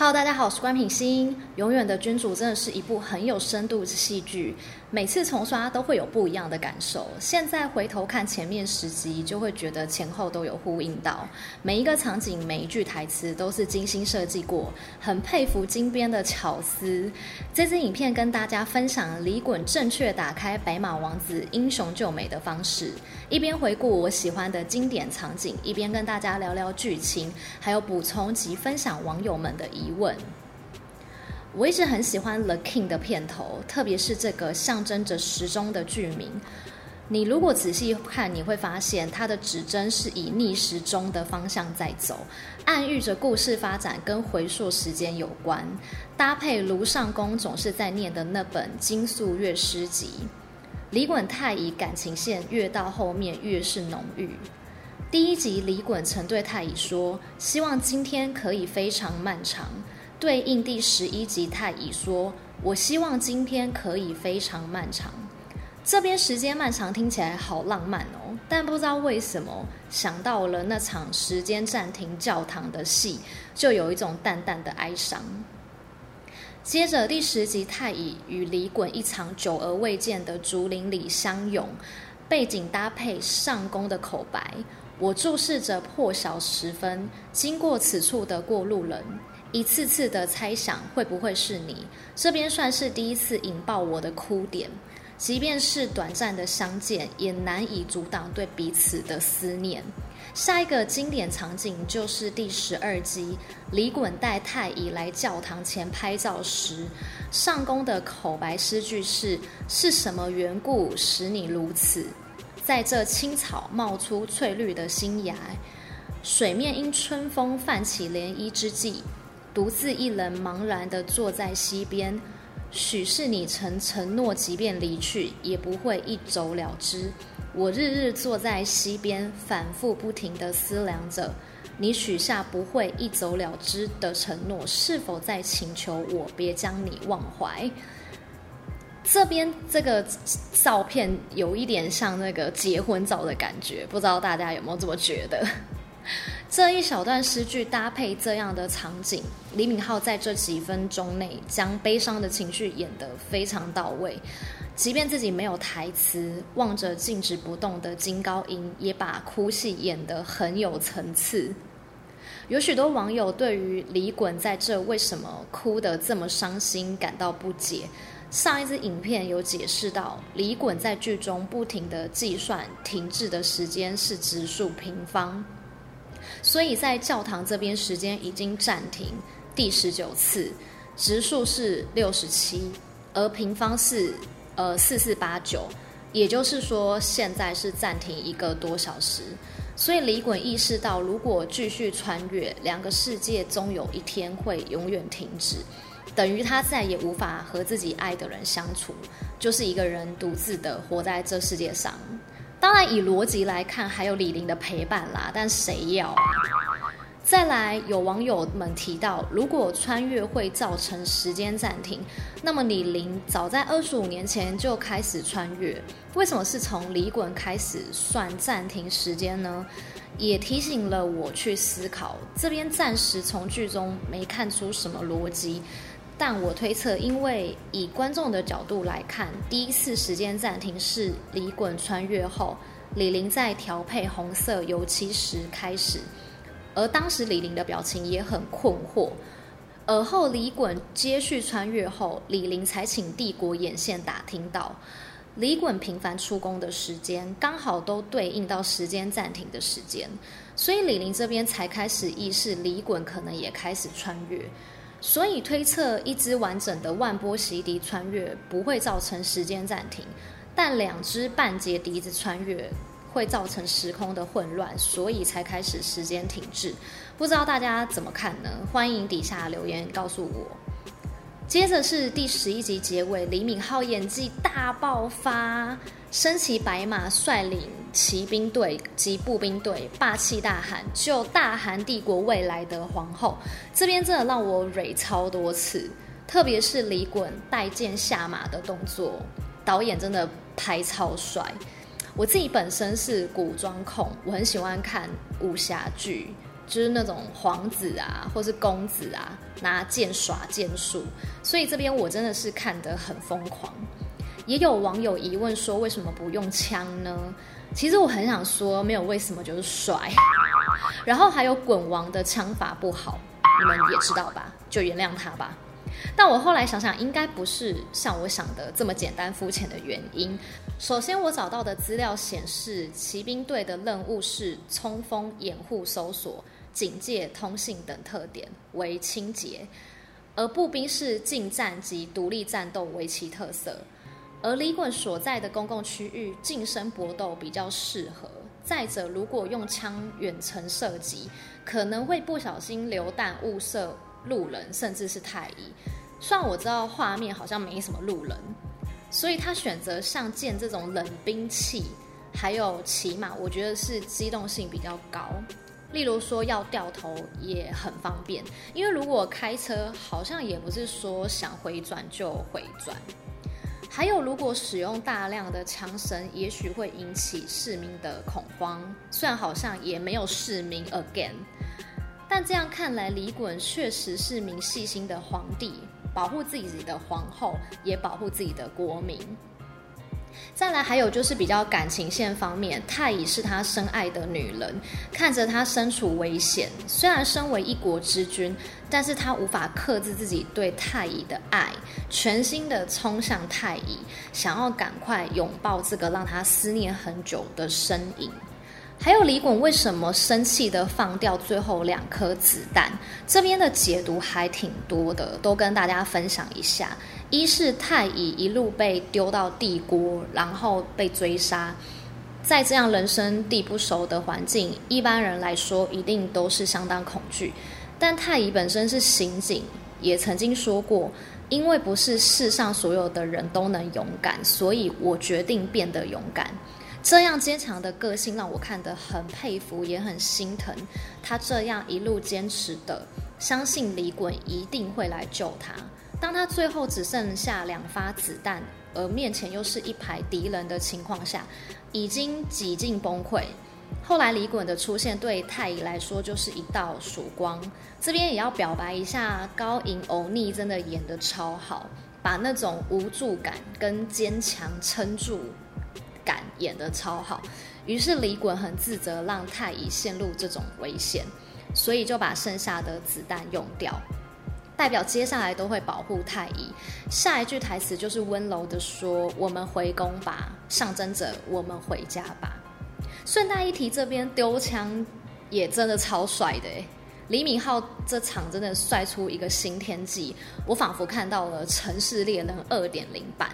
Hello，大家好，我是官品心。《永遠的君主》真的是一部很有深度的戲劇，每次重刷都會有不一樣的感受。現在回頭看前面十集，就會覺得前後都有呼應到，每一個場景、每一句台詞都是精心設計過，很佩服金編的巧思。這支影片跟大家分享李袞正確打開《白馬王子》英雄救美的方式，一邊回顧我喜歡的經典場景，一邊跟大家聊聊劇情，還有補充及分享網友們的疑問，我一直很喜歡《The King》的片頭，特別是這個象徵着時鐘的劇名。你如果仔細看，你會發現它的指針是以逆時鐘的方向在走，暗喻着故事發展跟回溯時間有關。搭配盧尚宮總是在念的那本《金素月詩集》，李袞太乙感情線越到後面越是濃郁。第一集李袞曾對太乙說：“希望今天可以非常漫長。”對應第十一集太乙說：“我希望今天可以非常漫長。”這邊時間漫長聽起來好浪漫哦，但不知道為什麼想到了那場時間暫停教堂的戲，就有一種淡淡的哀傷。接着第十集太乙與李袞一場久而未見的竹林裡相擁，背景搭配上宮的口白。我注視着破曉時分經過此處的過路人，一次次的猜想會不會是你。這邊算是第一次引爆我的哭點，即便是短暫的相見，也難以阻擋對彼此的思念。下一個經典場景就是第十二集，李袞帶太乙來教堂前拍照時，上宮的口白詩句是：是什麼緣故使你如此？在這青草冒出翠綠的新芽，水面因春風泛起漣漪之際，獨自一人茫然地坐在溪邊。許是你曾承諾，即便離去也不會一走了之。我日日坐在溪邊，反覆不停地思量着，你許下不會一走了之的承諾，是否在請求我別將你忘懷？這邊這個照片有一點像那個結婚照的感覺，不知道大家有沒有這麼覺得？這一小段詩句搭配這樣的場景，李敏鎬在這幾分鐘內將悲傷的情緒演得非常到位。即便自己沒有台詞，望着靜止不動的金高銀，也把哭戲演得很有層次。有許多網友對於李袞在這為什麼哭得這麼傷心感到不解。上一支影片有解釋到，李衮在劇中不停地計算停滯的時間是指數平方，所以在教堂這邊時間已經暫停第十九次，指數是六十七，而平方是呃四四八九，9，也就是說現在是暫停一個多小時，所以李衮意識到，如果繼續穿越，兩個世界終有一天會永遠停止。等於他再也無法和自己愛的人相處，就是一個人獨自的活在這世界上。當然，以邏輯來看，還有李霖的陪伴啦，但誰要？再來，有網友們提到，如果穿越會造成時間暫停，那麼李霖早在二十五年前就開始穿越，為什麼是從李袞開始算暫停時間呢？也提醒了我去思考，這邊暫時從劇中沒看出什麼邏輯。但我推測，因為以觀眾的角度來看，第一次時間暫停是李袞穿越後，李霖在調配紅色油漆時開始，而當時李霖的表情也很困惑。而後李袞接續穿越後，李霖才請帝國眼線打聽到，李袞頻繁出宮的時間剛好都對應到時間暫停的時間，所以李霖這邊才開始意識李袞可能也開始穿越。所以推測，一支完整的萬波息笛穿越不會造成時間暫停，但兩只半截笛子穿越會造成時空的混亂，所以才開始時間停滯。不知道大家怎麼看呢？歡迎底下留言告訴我。接着是第十一集結尾，李敏鎬演技大爆發，身騎白馬率領。騎兵隊及步兵隊霸氣大喊，救大韓帝國未來的皇後，這邊真的讓我蕊超多次，特別是李袞帶劍下馬的動作，導演真的拍超帥。我自己本身是古裝控，我很喜歡看武俠劇，就是那種皇子啊或是公子啊拿劍耍劍術，所以這邊我真的是看得很瘋狂。也有網友疑問說，為什麼不用槍呢？其實我很想說，沒有為什麼，就是帥。然後還有滾王的槍法不好，你們也知道吧，就原諒他吧。但我後來想想，應該不是像我想的這麼簡單膚淺的原因。首先，我找到的資料顯示，騎兵隊的任務是衝鋒、掩護、搜索、警戒、通信等，特點為輕捷，而步兵是近戰及獨立戰鬥為其特色。而李袞所在的公共區域，近身搏鬥比較適合。再者，如果用槍遠程射擊，可能會不小心流彈誤射路人，甚至是太乙。雖然我知道畫面好像沒什麼路人，所以他選擇像劍這種冷兵器，還有騎馬，我覺得是機動性比較高。例如說要掉頭也很方便，因為如果開車，好像也不是說想回轉就回轉。還有，如果使用大量的槍聲，也許會引起市民的恐慌。雖然好像也沒有市民 again，但這樣看來，李衮確實是名細心的皇帝，保護自己的皇後，也保護自己的國民。再來，還有就是比較感情線方面，太乙是他深愛的女人，看着他身處危險，雖然身為一國之君，但是他無法克制自己對太乙的愛，全心的衝向太乙，想要趕快擁抱這個讓他思念很久的身影。還有李袞為什麼生氣地放掉最後兩顆子彈？這邊的解讀還挺多的，都跟大家分享一下。一是太乙一路被丟到帝國，然後被追殺，在這樣人生地不熟的環境，一般人來說一定都是相當恐懼。但太乙本身是刑警，也曾經說過，因為不是世上所有的人都能勇敢，所以我決定變得勇敢。這樣堅強的個性讓我看得很佩服，也很心疼。他這樣一路堅持的，相信李袞一定會來救他。當他最後只剩下兩發子彈，而面前又是一排敵人的情況下，已經幾近崩潰。後來李袞的出現對太乙來說就是一道曙光。這邊也要表白一下，高銀歐尼真的演得超好，把那種無助感跟堅強撐住。演得超好，於是李袞很自責，讓太乙陷入這種危險，所以就把剩下的子彈用掉，代表接下來都會保護太乙。下一句台詞就是溫柔地說：“我們回宮吧”，象徵着我們回家吧。順帶一提這，這邊丟槍也真的超帥的、欸，李敏鎬這場真的帥出一個新天際，我仿佛看到了城市獵人2.0版。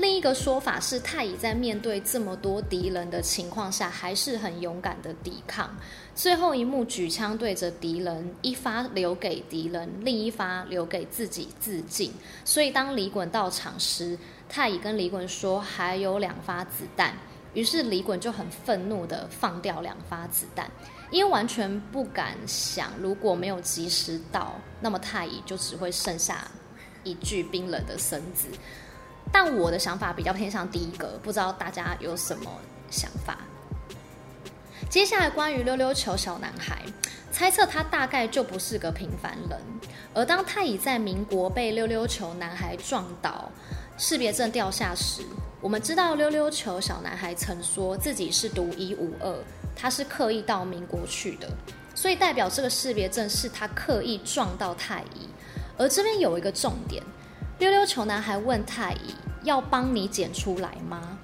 另一個說法是，太乙在面對這麼多敵人的情況下，還是很勇敢的抵抗。最後一幕，舉槍對着敵人，一發留給敵人，另一發留給自己自盡。所以，當李袞到場時，太乙跟李袞說還有兩發子彈。於是，李袞就很憤怒的放掉兩發子彈，因為完全不敢想，如果沒有及時到，那麼太乙就只會剩下一具冰冷的身子。但我的想法比較偏向第一個，不知道大家有什麼想法。接下來關於溜溜球小男孩，猜測他大概就不是個平凡人。而當太乙在民國被溜溜球男孩撞倒，識別證掉下時，我們知道溜溜球小男孩曾說自己是獨一無二，他是刻意到民國去的，所以代表這個識別證是他刻意撞到太乙。而這邊有一個重點。溜溜球男孩問太乙：“要幫你撿出來嗎？”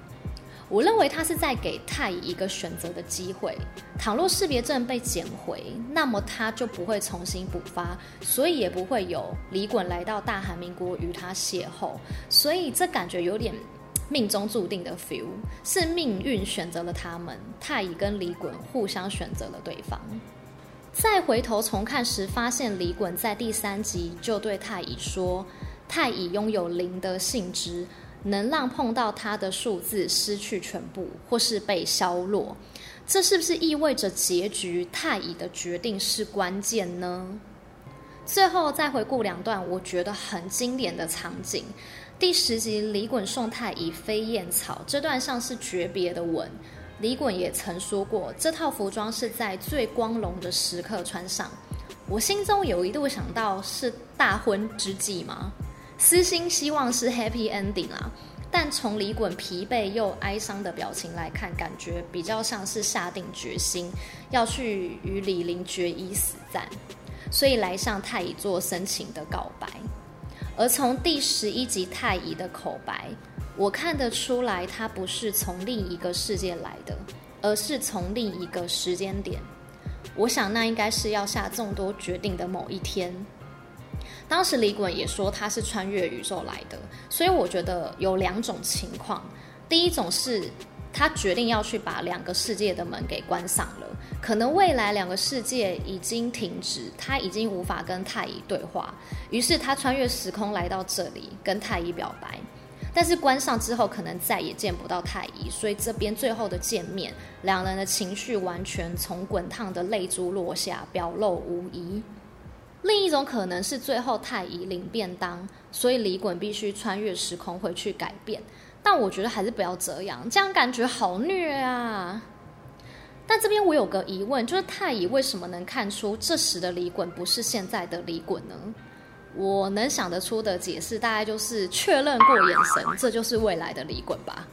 我認為他是在給太乙一個選擇的機會。倘若識別證被撿回，那麼他就不會重新補發，所以也不會有李袞來到大韓民國與他邂逅。所以這感覺有點命中注定的 feel，是命運選擇了他們。太乙跟李袞互相選擇了對方。再回頭重看時，發現李袞在第三集就對太乙說。太乙擁有零的性質，能讓碰到他的數字失去全部或是被削弱。這是不是意味着結局？太乙的決定是關鍵呢？最後再回顧兩段，我覺得很經典的場景。第十集，李袞送太乙飛燕草，這段像是訣別的吻。李袞也曾說過，這套服裝是在最光榮的時刻穿上。我心中有一度想到，是大婚之際嗎？私心希望是 happy ending 啦、啊，但從李袞疲憊又哀傷的表情來看，感覺比較像是下定決心要去與李霖決一死戰，所以來向太乙做深情的告白。而從第十一集太乙的口白，我看得出來，他不是從另一個世界來的，而是從另一個時間點。我想那應該是要下眾多決定的某一天。當時李袞也說他是穿越宇宙來的，所以我覺得有兩種情況，第一種是他決定要去把兩個世界的門給關上了，可能未來兩個世界已經停止，他已經無法跟太乙對話，於是他穿越時空來到這裡跟太乙表白，但是關上之後可能再也見不到太乙，所以這邊最後的見面，兩人的情緒完全從滾燙的淚珠落下，表露無遺。另一種可能是最後太乙領便當，所以李袞必須穿越時空回去改變。但我覺得還是不要這樣，這樣感覺好虐啊！但這邊我有個疑問，就是太乙為什麼能看出這時的李袞不是現在的李袞呢？我能想得出的解釋大概就是確認過眼神，這就是未來的李袞吧。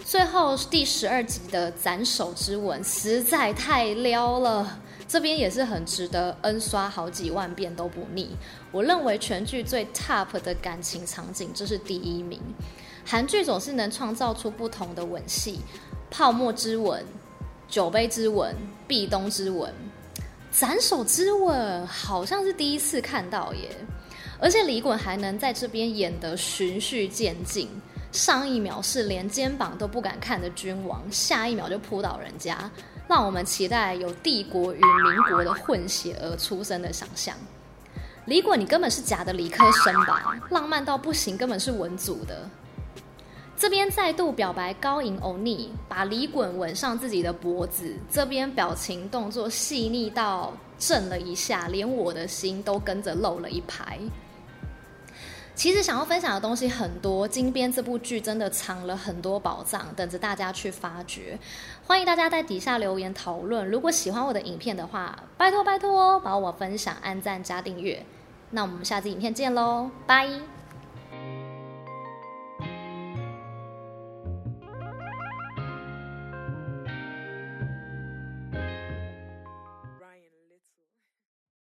最後第十二集的斬首之吻實在太撩了。這邊也是很值得 N 刷好幾萬遍都不膩。我認為全劇最 top 的感情場景，這是第一名。韓劇總是能創造出不同的吻戲，泡沫之吻、酒杯之吻、壁咚之吻、斬首之吻，好像是第一次看到耶。而且李袞還能在這邊演得循序漸進，上一秒是連肩膀都不敢看的君王，下一秒就撲倒人家。讓我們期待有帝國與民國的混血兒出生的想象。李袞你根本是假的理科生吧？浪漫到不行，根本是文組的。這邊再度表白高銀歐尼，把李袞吻上自己的脖子。這邊表情動作細膩到震了一下，連我的心都跟着漏了一拍。其實想要分享的東西很多，金編這部劇真的藏了很多寶藏，等着大家去發掘。歡迎大家在底下留言討論。如果喜歡我的影片的話，拜托拜托哦，幫我分享、按贊加訂閱。那我們下次影片見嘍，拜拜。